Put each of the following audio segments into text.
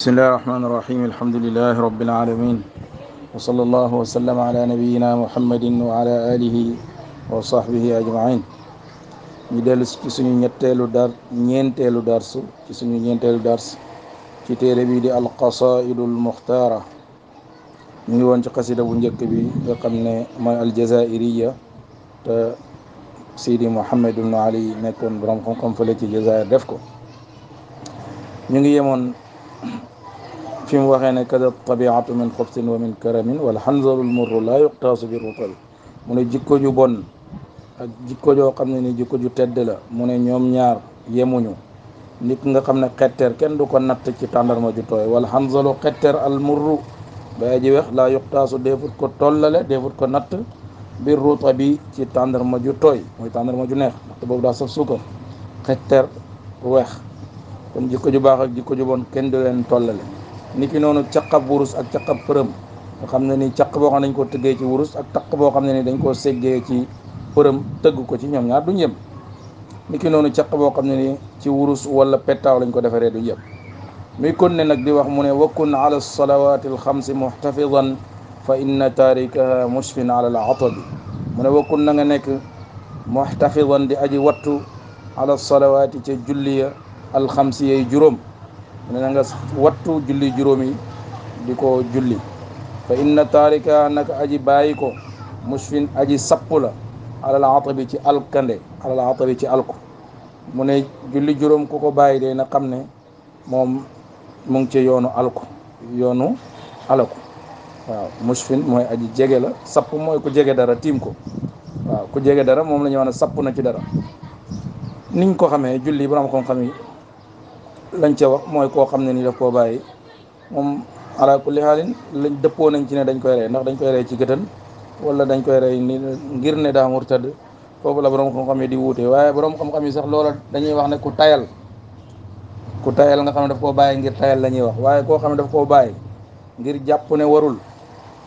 بسم الله الرحمن الرحيم الحمد لله رب العالمين وصلى الله وسلم على نبينا محمد وعلى اله وصحبه اجمعين ني دلس كي سونو نيتيلو دار نينتيلو دارس كي سونو نينتيلو دارس كي تيري بي دي القصائد المختاره ني وون سي قصيده بو نيك بي دي خامني ما الجزائريه ت سيدي محمد بن علي نيكون بروم كوم فلي الجزائر ديفكو ني يمون في مواغين كذا الطبيعة من خبث ومن كرم والحنظل المر لا يقتاس بالرطب من جيكو جو بون جيكو جو قمنا جيكو جو تدلا من نيوم نيار يمونيو نيك نغا قمنا قتر كن دوكو نتا كي تاندر مجو توي والحنظل قتر المر بايجي وخ لا يقتاس ديفوت كو تولل ديفوت كو نتا بالرطب كي تاندر مجو توي موي تاندر مجو نيخ نتا بوب دا سوف سوكر قتر وخ كن جيكو جو باخ جيكو جو بون كن دولن تولل niki noonu caqab wurus ak caqab përëm nga xam ne ni caq boo xam ne dañ ko tëggee ci wurus ak taq boo xam ne ni dañ koo seggee ci përëm tëgg ko ci ñoom ñaar duñ yem niki noonu caq boo xam ne ni ci wurus wala pettaaw lañ ko defaree duñ yem muy kon ne nag di wax mu ne wakkun ala salawaati alxamsi muxtafidan fa inna taarikaha musfin ala alatabi mu ne wakkun na nga nekk muxtafidan di aji wattu ala salawaati ca julliya alxamsi yay juróom ne na wattu julli juróomi di ko julli fa inna taarika naka aji bàyyi ko musfin aji sapp la alal atabi ci alkande alal atabi ci alko mu ne julli juróom ku ko bàyyi de na xam ne moom mu ngi ci yoonu alko yoonu alako waaw musfin mooy aji jege la sapp mooy ku jege dara tiim ko waaw ku jege dara moom la ñu wax ne sapp na ci dara niñ ko xamee julli borom xam-xam lañ ca wax mooy koo xam ne ni daf koo bàyyi moom ala kulli xaalin lañ dëppoo nañ ci ne dañ koy rey ndax dañ koy rey ci gëtën wala dañ koy rey ni ngir ne daa murtad foofu la borom xam-xam yi di wuute waaye borom xam-xam yi sax loola dañuy wax ne ku tayal ku tayal nga xam ne daf koo bàyyi ngir tayal la ñuy wax waaye koo xam ne daf koo bàyyi ngir jàpp ne warul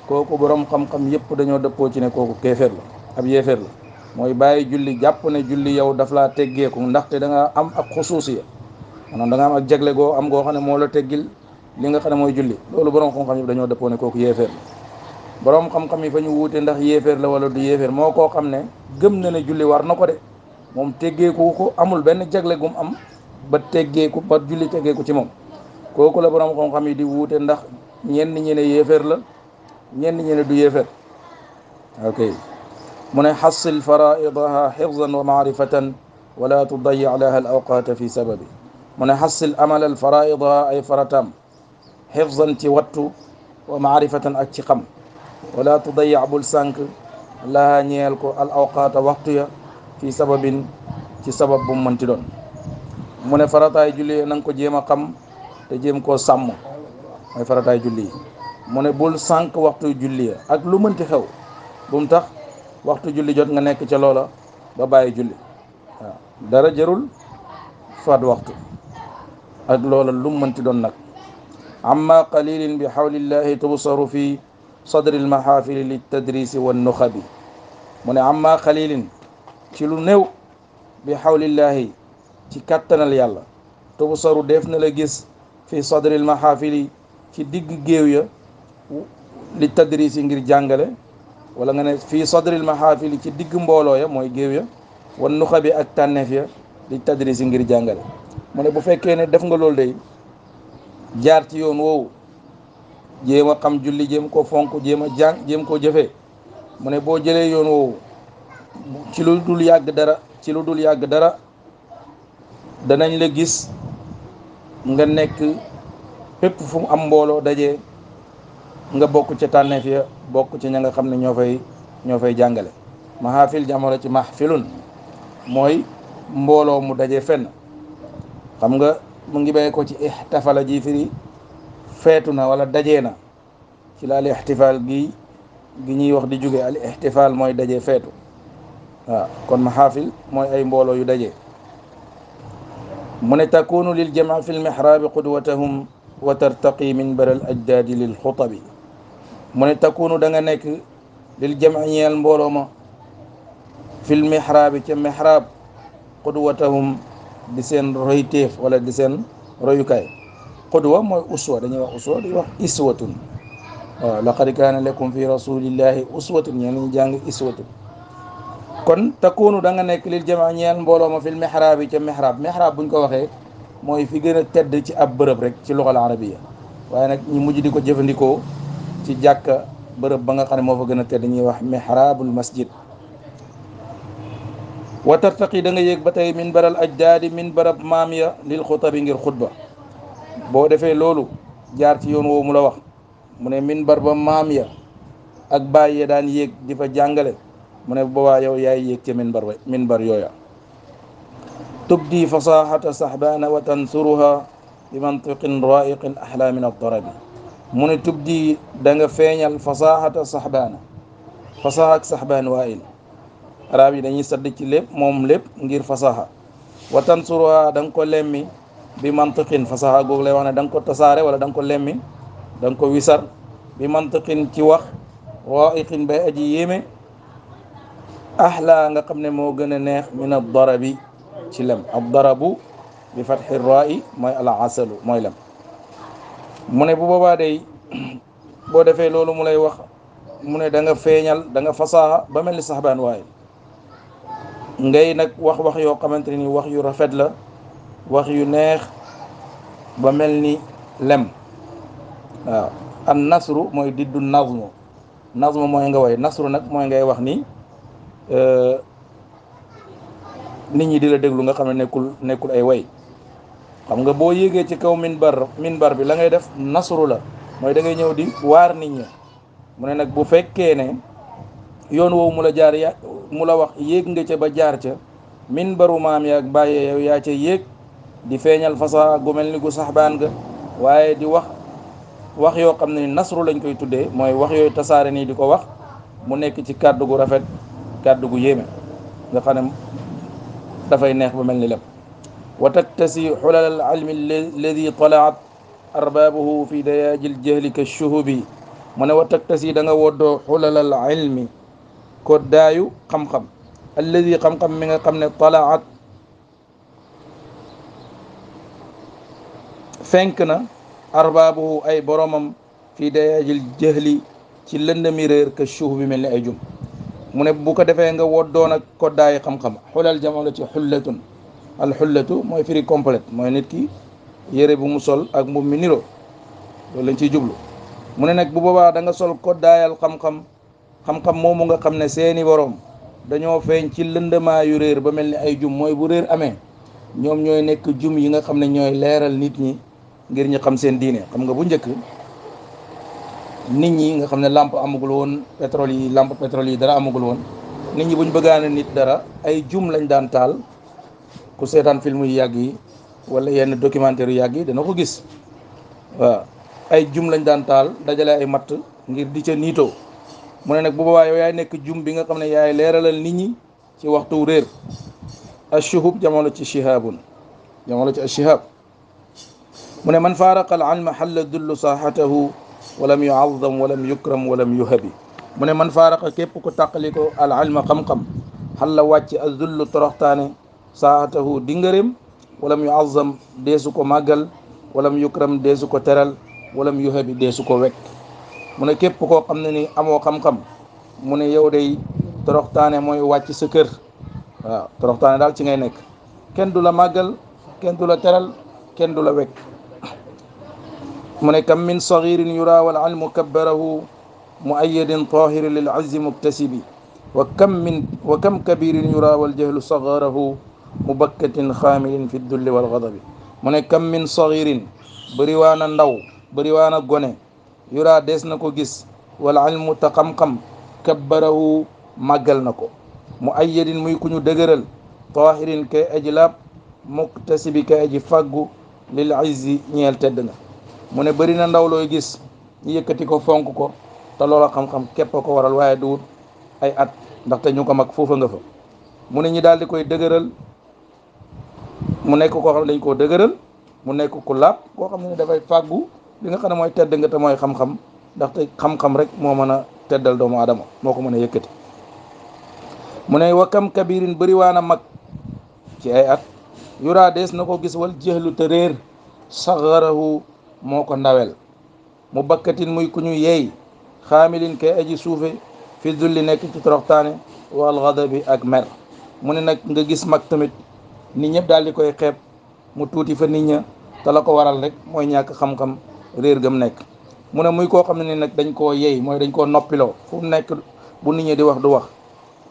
kooku boroom xam-xam yëpp dañoo dëppoo ci ne kooku kéeféer la ab yéeféer la mooy bàyyi julli jàpp ne julli yow daf laa teggeeku ndaxte da nga am ak xusuusiya maanaam da nga am ak jagle goo am goo xam ne moo la teggil li nga xam ne mooy julli loolu borom xam-xam yi dañoo dëppoo ne kooku yéeféer borom xam-xam yi fa ñu wuute ndax yéeféer la wala du yéeféer moo koo xam ne gëm na ne julli war na ko de moom teggeeku ko amul benn jagle gum am ba teggeeku ba julli teggeeku ci moom kooku la borom xam-xam yi di wuute ndax ñenn ñi ne yéeféer la ñenn ñi ne du yéeféer ok mu ne xasil faraidaha xifzan wa maarifatan wala tudayi laha al awqaata fi sababi من حصل أمل الفرائض أي فرتم حفظا توت ومعرفة أتقم ولا تضيع بلسانك لا نيالك الأوقات وقتها في سبب في سبب منتدون من فرطا يجلي ننكو جيما قم تجيم كو سام أي فرطا يجلي من بلسانك وقت يجلي أكلو من تخو بمتخ وقت يجلي جوت نغنيك تلولا بابا يجلي درجة رول فاد وقته ak loola lu mu mënti doon nag amma qalilin bi hawlillahi tubsaru fi sadri almahafili liltadrisi wannuxabi mu ne amma qalilin ci lu néew bi hawlillahi ci kattanal yàlla tubsaru def na la gis fi sadri almahafili ci digg géew ya li tadrisi ngir jàngale wala nga ne fii sadril mahafili ci digg mbooloo ya mooy géew ya wan nuxa bi ak tànneef ya li tadrisi ngir jàngale mu ne bu fekkee ne def nga loolu day jaar ci yoon woowu jéem a xam julli jéem koo fonk jéem a jàng jéem koo jëfee mu ne boo jëlee yoon woowu ci lu dul yàgg dara ci lu dul yàgg dara danañ la gis nga nekk fépp fu am mbooloo dajee nga bokk ca tànneef ya bokk ci ña nga xam ne ñoo fay ñoo fay jàngale mahafil jamono ci mahfilun mooy mbooloo mu dajee fenn xam nga mu ngi bay ko ci ihtafala ji firi feetu na wala dajee na ci la ihtifal gi gi ñuy wax di jóge al ihtifal moy daje fetu wa kon mahafil moy ay mbolo yu daje mu ne takunu lil jamaa fi lmihraabi qudwatahum wa tartaqi min baral ajdaadi lil xutabi mu ne takunu da nga nekk lil jamaa ñeel mbooloo ma fi lmihraabi ca mihraab qudwatahum di seen royteef wala di seen royukaay qudwa mooy uswa dañuy wax uswa dañuy wax iswatun waaw laqad kaana lakum fi rasulillahi uswatun ñeen lañu jàng iswatun kon takunu da nga nekk lil jamaa ñeel mbooloo ma fil mihraabi ca mihrab mihrab buñ ko waxee mooy fi gën a tedd ci ab bërëb rek ci luxal arabiya waaye nag ñu mujj di ko jëfandikoo ci jàkka bërëb ba nga xam ne moo fa gën a tedd ñuy wax mihraabul masjid وترتقي دا نغي يك باتاي منبر الاجداد منبر ماميا للخطب غير خطبه بو دافي لولو جار تي يون وو مولا واخ من منبر با ماميا اك باي دان يك ديفا جانغالي من بو وا يو ياي يك تي منبر وي منبر يويا تبدي فصاحة صحبان وتنثرها بمنطق رائق أحلى من الضرب من تبدي دنگ فينيال فصاحة صحبان فصاحة صحبان وائل arab yi dañuy sadd ci lépp moom lépp ngir fasaha wa tansuruha da ko lemmi bi mantiqin fasaha googu lay wax ne ko wala da ko lemmi da nga ko wisar bi mantiqin ci wax raiqin bay aji ahla nga xam ne moo neex min ad darabi ci lem ad darabu bi fatxi rai mooy al asalu mooy lem mu bu boobaa day boo defee loolu mu lay wax mu da nga da nga fasaha ba mel ni ngay nag wax wax yoo xamante ni wax yu rafet la wax yu neex ba mel ni lem waaw an nasru mooy diddu nazmu nazmu mooy nga woy nasru nag mooy ngay wax ni euh, nit ñi di la déglu nga xam ne nekkul nekkul ay way xam nga boo yéegee ci kaw min minbar bi la ngay def nasru la mooy dangay ñëw di waar nit ñi mu ne nag bu fekkee ne yoon woowu mu la jaar ya mu la wax yéeg nga ca ba jaar ca min baru maam yaag bàyyee yow yaa ca yéeg di feeñal fasa gu mel ni gu saxbaan ga waaye di wax wax yoo xam ne nasru lañ koy tuddee mooy wax yooyu tasaare nii di ko wax mu nekk ci kàddu gu rafet kàddu gu yéeme nga xam ne dafay neex ba mel ni lépp wa taktasi xulal alilmi alladi talaat arbaabuhu fi dayaajil jahli ka shuhubi mu ne wa taktasi da nga woddoo xulalal ilmi koddaayu xam-xam alladi xam-xam mi nga xam ne talaat fenk na arbaabuhu ay boromam fii dayaajil jahli ci lëndami réer ka suuf bi mel ni ay jum mu ne bu ko defee nga woddoon ak koddaayu xam-xam xulal jamono la ci xullatun al xullatu mooy firi complète mooy nit ki yére bu mu sol ak mbubb mi niroo loolu lañ ciy jublu mu ne nag bu boobaa da nga sol koddaayal xam-xam xam-xam moomu nga xam ne seeni borom dañoo feeñ ci lëndëmaayu réer ba mel ni ay jum mooy bu réer amee ñoom ñooy nekk jum yi nga xam ne ñooy leeral nit ñi ngir ñu xam seen diine xam nga bu njëkk nit ñi nga xam ne lampe amagul woon yi lampe pétrole yi dara amagul woon nit ñi bu ñu bëggaane nit dara ay jum lañ daan taal ku seetaan film yu yàgg yi wala yenn documentaire yu yàgg yi dana ko gis waaw ay jum lañ daan taal dajale ay matt ngir di ca niitoo mu ne nag bu boobaa yow yaay nekk jum bi nga xam ne yaay leeralal nit ñi ci waxtu réer ashuhub jamono ci shihabun jamono ci ashihab mu ne man faaraqa al alma xalla dullu saaxatahu walam yuazam walam yukram walam yuhabi mu ne man faaraqa képp ku tàqaliko al alma xam-xam xalla wàcc a dullu toroxtaane saaxatahu dingëreem walam yuazam deesu ko màggal walam yukram deesu ko teral walam yuhabi deesu ko wekk mu ne képp koo xam ne ni amoo xam-xam mu ne yow day toroxtaane mooy wàcc sa kër waaw toroxtaane daal ci ngay nekk kenn du la màggal kenn du la teral kenn du la wekk mu ne kam min sagirin yura wal almu kabbarahu muayyadin tahirin lil azzi muktasibi wa kam min wa kam kabirin yura wal jahlu sagarahu mubakkatin xaamilin fi dulli wal gadabi mu ne kam min sagirin bëriwaan a ndaw bëriwaan a gone yuraa dees na ko gis wala ilmu ta xam-xam kabbarahu màggal na ko mu ayyadin muy ku ñu dëgëral taahirin kay aji laab muktasibi kay aji fàggu lil izzi ñeel tedd nga mu ne bëri na ndaw looy gis ñu ko fonk ko te loola xam-xam ko waral waaye du ay at ndax ndaxte ñu ko mag foofa nga fa mu ne ñi daal di koy dëgëral mu nekk ko xam ne ko koo mu nekk ku laab koo xam ne dafay fàggu li nga xam ne mooy tedd nga te mooy xam-xam ndaxte xam-xam rek moo mën a teddal doomu aadama moo ko mën a yëkkati mu ne wa kam kabirin bëri waan mag ci ay at yuraa na ko gis wal jeexlu te réer saxarahu moo ko ndawel mu bakkatin muy ku ñu yeey xaamilin kay aji suufe fi dulli nekk ci toroxtaane wal xadabi ak mer mu ne nag nga gis mag tamit ni ñëpp daal di koy xep mu tuuti fa nit ña te la ko waral rek mooy ñàkk xam-xam réer gam nekk mu ne muy koo xam ne ni nag dañ koo yey mooy dañ koo noppiloo fu mu nekk bu nit ñi di wax du wax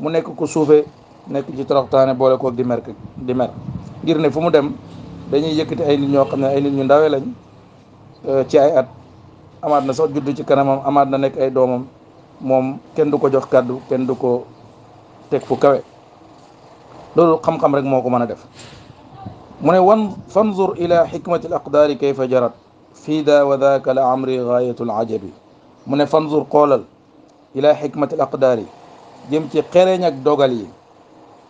mu nekk ko suufe nekk ci toroxtaane boole koog di mer di mer ngir ne fu mu dem dañuy yëkkati ay nit ñoo xam ne ay nit ñu ndawee lañ euh, ci ay at amaat na sax juddu ci kanamam amaat na nekk ay doomam moom kenn du ko jox kàddu kenn du ko teg fu kawe loolu xam-xam rek moo ko mën a def mu ne wan fanzur ila xikmati al aqdaari kayfa jarat fii daa wa daaka la amri gaayatul ajabi mu ne fanzur xoolal ila xikmati l aqdaar yi jëm ci xereñ ak dogal yi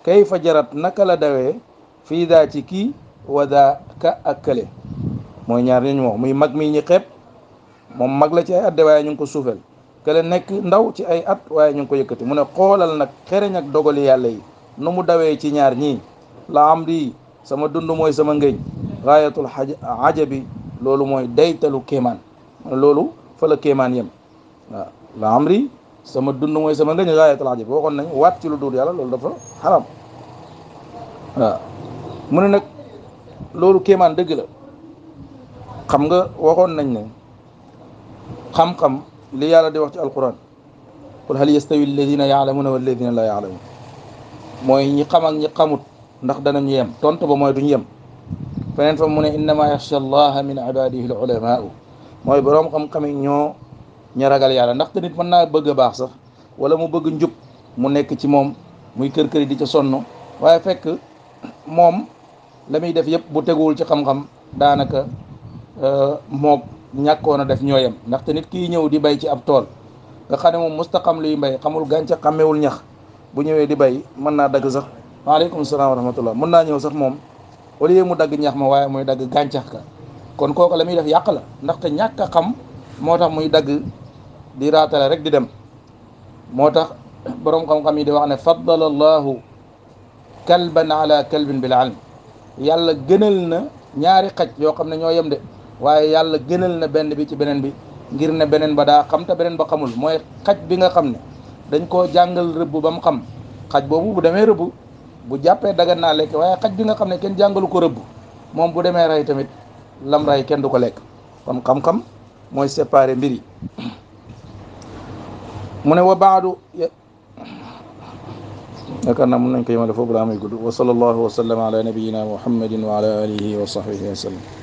kay fa jarat naka la dawee fii daa ci kii wa daa ka ak kële mooy ñaar ñu wax muy mag mi ñi xeeb moom mag la ci ay at de waaye ñu ngi ko suufel kële nekk ndaw ci ay at waaye ñu ngi ko yëkkati mu ne xoolal nag xereñ ak dogal yi yàlla yi nu mu dawee ci ñaar ñii la amri sama dund mooy sama ngëñ gaayatul ajabi loolu mooy daytalu kéemaan loolu fa la kéemaan yem waaw la amri sama dund mooy sama ngëñ gaayatul ajab waxoon nañ waat ci lu dul yàlla loolu dafa xaram waaw mu ne nag loolu kéemaan dëgg la xam nga waxoon nañ ne xam-xam li yàlla di wax ci alquran qul hal yastawi alladina yaalamuna walladina la yaalamun mooy ñi xam ak ñi xamut ndax danañ yem tontu ba mooy duñ yem feneen fa mu ne innama yaxsha allaha min ibadihi l ulamaau mooy boroom xam-xam yi ñoo ña ragal yàlla ndaxte nit mën naa bëgg baax sax wala mu bëgg njub mu nekk ci moom muy kër kër di ca sonn waaye fekk moom la muy def yëpp bu teguwul ci xam-xam daanaka euh, moog ñàkkoon a def ñoo yem ndaxte nit kii ñëw di bay ci ab tool nga xam ne moom mustaqam luy mbay xamul gàncax xamewul ñax bu ñëwee di bay mën naa dagg sax waaleykum salaam wa rahmatullah mën naa ñëw sax moom au lieu mu dagg ñax ma waaye muy dagg gàncax ga kon kooku la muy def yàq la ndaxte ñàkk xam moo tax muy dagg di raatale rek di dem moo tax boroom xam-xam yi di wax ne faddala allahu kalban ala kalbin bil alm yàlla gënal na ñaari xaj yoo xam ne ñoo yem de waaye yàlla gënal na benn bi ci beneen bi ngir ne beneen ba daa xam ta beneen ba xamul mooy xaj bi nga xam ne dañ koo jàngal rëbb ba mu xam xaj boobu bu demee rëbb bu jàppee dagan naa lekk waaye xaj bi nga xam ne kenn jàngalu ko rëbb moom bu demee rey tamit lam rey kenn du ko lekk kon xam-xam mooy séparer mbir yi mu ne wa baadu yaakaar naa mun nañ ko yemale foofu daa may gudd wa sallallahu wa sallam ala nabiyina muhammadin wa ala alihi wa sahbihi wa sallam